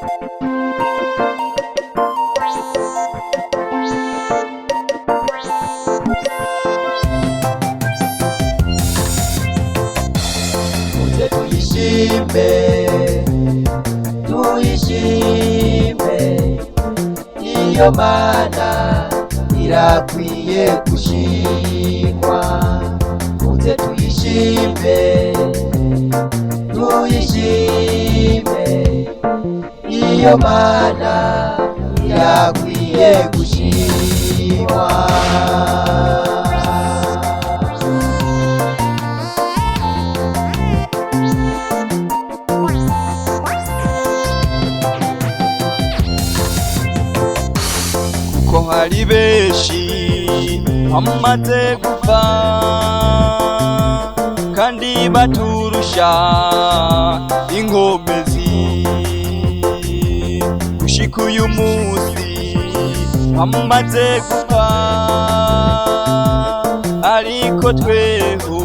Moja tuishibe, tuishibe, iyo mana irakwiye kushimwa. Moja tuishibe ndiyo mana yakwiye kushimwa kuko hali beshi hamumaze kupfa kandi baturusha ingombe usiku uyu munsi wamumaze kuva ariko tweho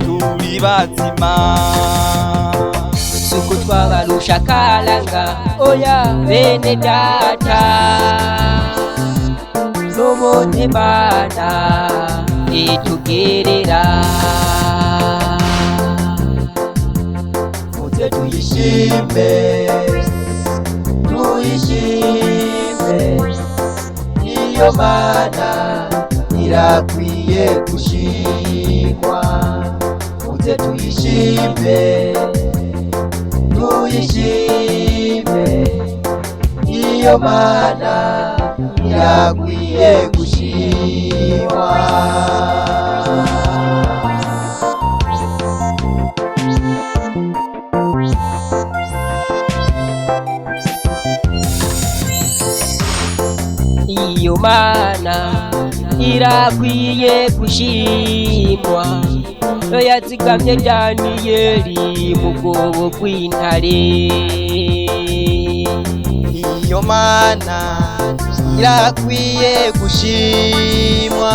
turi bazima suku twabarusha karanga oya bene data nobone mana itugerera muze tuyishime tushibe, niyo mana irakwiye gushimwa. Muze tuyishime, tuyishime, niyo mana irakwiye gushimwa. y'imana irakwiye gushimwa yatsikamye daniyeli mugobo gw'intare iyo mana irakwiye gushimwa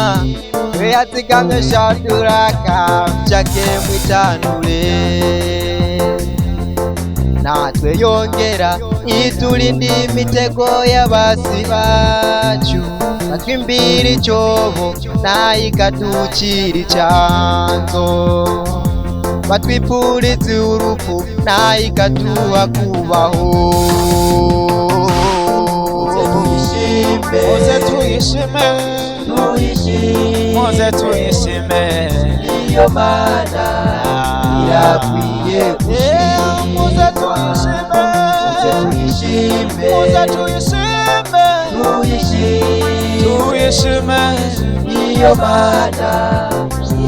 yatsikamye shaduraka jake mwitanure natwe yongera iturinda imitego y'abasi bacu Nakimbira icyobo nayikatukira icyanzo batwipuritse urupfu nayikatuha kubaho muze tuyishime muze tuyishime niyo mana irakwiye gushimwa muze tuyishime muze tuyishime tuyishime heshima ndiyo maana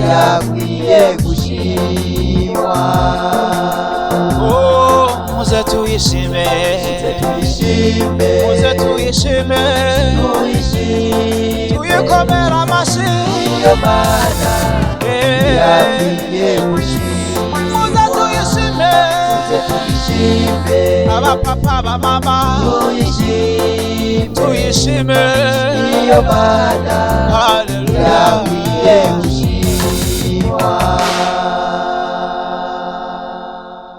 yakwiye gushimwa. Oh, muze tuyishime, muze tuyishime, tuyikomera tuyishime abapapa bamama tuyishime tuyishime iyo mana haleluya